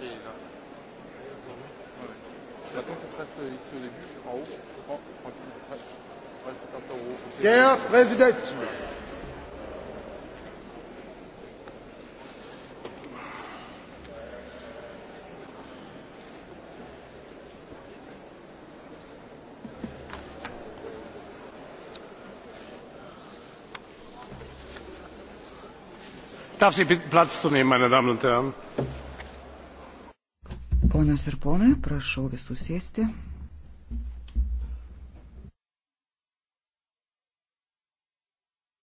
Et là. Ouais. Maintenant, qu'on reste ici au début, en haut, prends, prends, prends, prends, prends, prends, Der Präsident! darf ich sie bitten platz zu nehmen meine damen und herren! Ponios ir ponai, prašau visų sėsti.